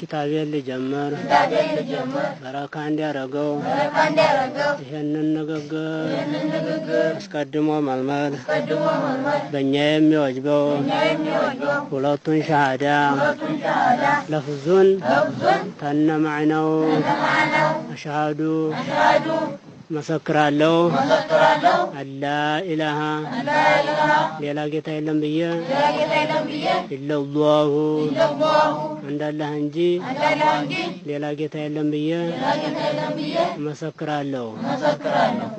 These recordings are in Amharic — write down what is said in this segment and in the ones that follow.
ኪታቤ ልጀምር በረካ እንዲያረገው ይህንን ንግግር አስቀድሞ መልመድ በእኛ የሚወጅበው ሁለቱን ሻሃዳ ለፍዙን ተነማዕነው አሻሃዱ መሰክራለሁ አላ ኢላሃ ሌላ ጌታ የለም ብዬ ኢለላሁ እንዳላህ እንጂ ሌላ ጌታ የለም ብዬ መሰክራለሁ።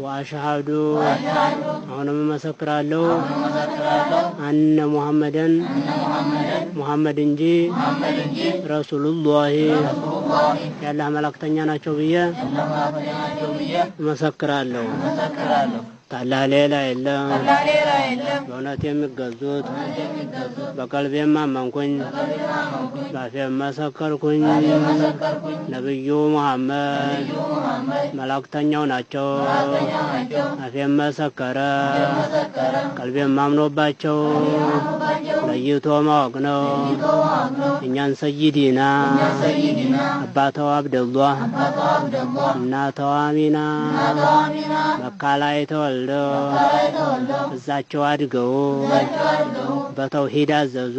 ወአሽሃዱ አሁንም መሰክራለሁ አነ ሙሐመደን ሙሐመድ እንጂ ረሱሉላሂ ያለ መላእክተኛ ናቸው ብዬ እመሰክራለሁ። ታላህ ሌላ የለም። በእውነት የሚገዙት በቀልቤ ማመንኩኝ ባፌ መሰከርኩኝ። ነብዩ መሐመድ መላእክተኛው ናቸው። አፌ መሰከረ፣ ቀልቤ ማምኖባቸው ለይቶ ማወቅ ነው። እኛን ሰይዲና አባተው አብደሏ እናተው አሚና መካ ላይ ተወልደው እዛቸው አድገው በተውሂድ አዘዙ።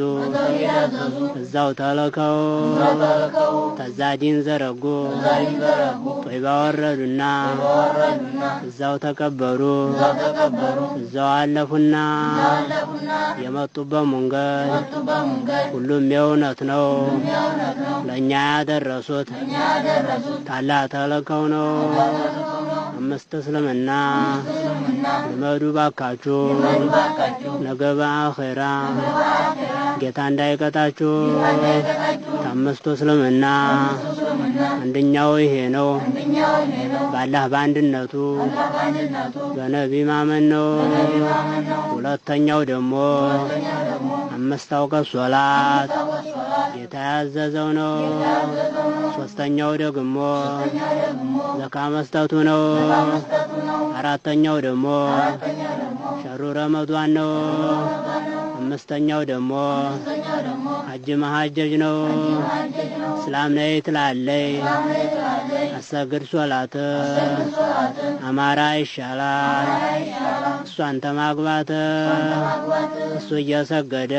እዛው ተለከው ተዛዲን ዘረጉ። ጦይባ ወረዱና እዛው ተቀበሩ። እዛው አለፉና የመጡበት መንገድ መንገድ ሁሉም የእውነት ነው። ለእኛ ያደረሱት ታላቅ ተልእኮው ነው። አምስት እስልምና ልመዱ ባካችሁ፣ ለገባ አኼራ ጌታ እንዳይቀጣችሁ አምስቱ እስልምና አንደኛው ይሄ ነው። በአላህ በአንድነቱ በነቢ ማመን ነው። ሁለተኛው ደግሞ አምስት አውቀት ሶላት የተያዘዘው ነው። ሶስተኛው ደግሞ ዘካ መስጠቱ ነው። አራተኛው ደግሞ ሸሩ ረመዷን ነው። አምስተኛው ደግሞ ሐጅ መሐጀጅ ነው። እስላም ነይ ትላለይ አሰግድ ሶላት አማራ ይሻላል እሷን ተማግባት እሱ እያሰገደ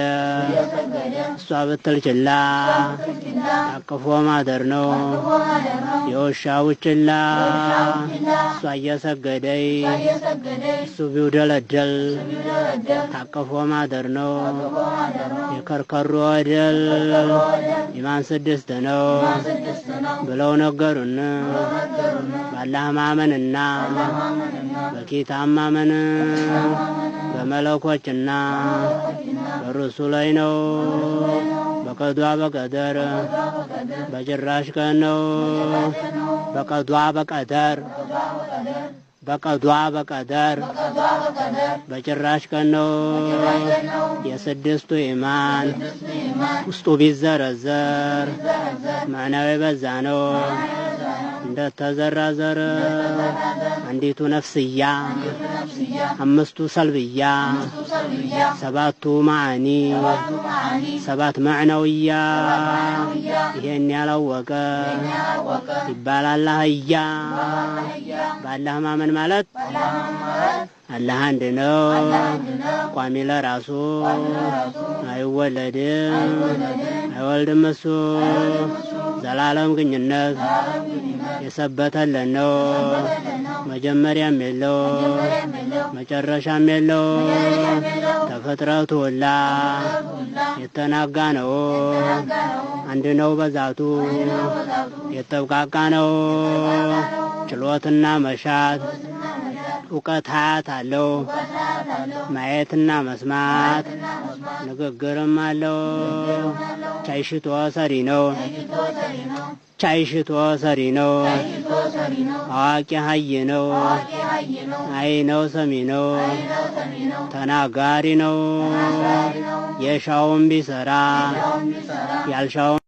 እሷ ብትል ችላ ታቅፎ ማደር ነው የውሻው ችላ። እሷ እያሰገደይ እሱ ቢውደለደል ታቅፎ ማደር ነው የከርከሩ ወደል ኢማን ስድስት ነው ብለው ነገሩን። ባላህ ማመንና በኪታብ ማመን በመለኮችና በርሱ ላይ ነው። በቀዷ በቀደር በጭራሽ ቀን ነው። በቀዷ በቀደር በቀዷ በቀደር በጭራሽ ቀን ነው። የስድስቱ ኢማን ውስጡ ቢዘረዘር ማናዊ በዛ ነው። እንደተዘራዘረ አንዲቱ ነፍስያ አምስቱ ሰልብያ ሰባቱ ማዕኒ ሰባት መዕነውያ ይሄን ያላወቀ ይባላል አህያ። በአላህ ማመን ማለት አላህ አንድ ነው፣ ቋሚ ለራሱ አይወለድም አይወልድም እሱ ዘላለም ግኝነት የሰበተለን ነው። መጀመሪያም የለው መጨረሻም የለው ተፈጥረቱ ሁላ የተናጋ ነው። አንድ ነው በዛቱ የተብቃቃ ነው። ችሎትና መሻት እውቀት ሀያት አለው ማየትና መስማት ንግግርም አለው ቻይሽቶ ሰሪ ነው ቻይሽቶ ሰሪ ነው አዋቂ ሀይ ነው አይ ነው ሰሚ ነው ተናጋሪ ነው የሻውን ቢሰራ ያልሻውን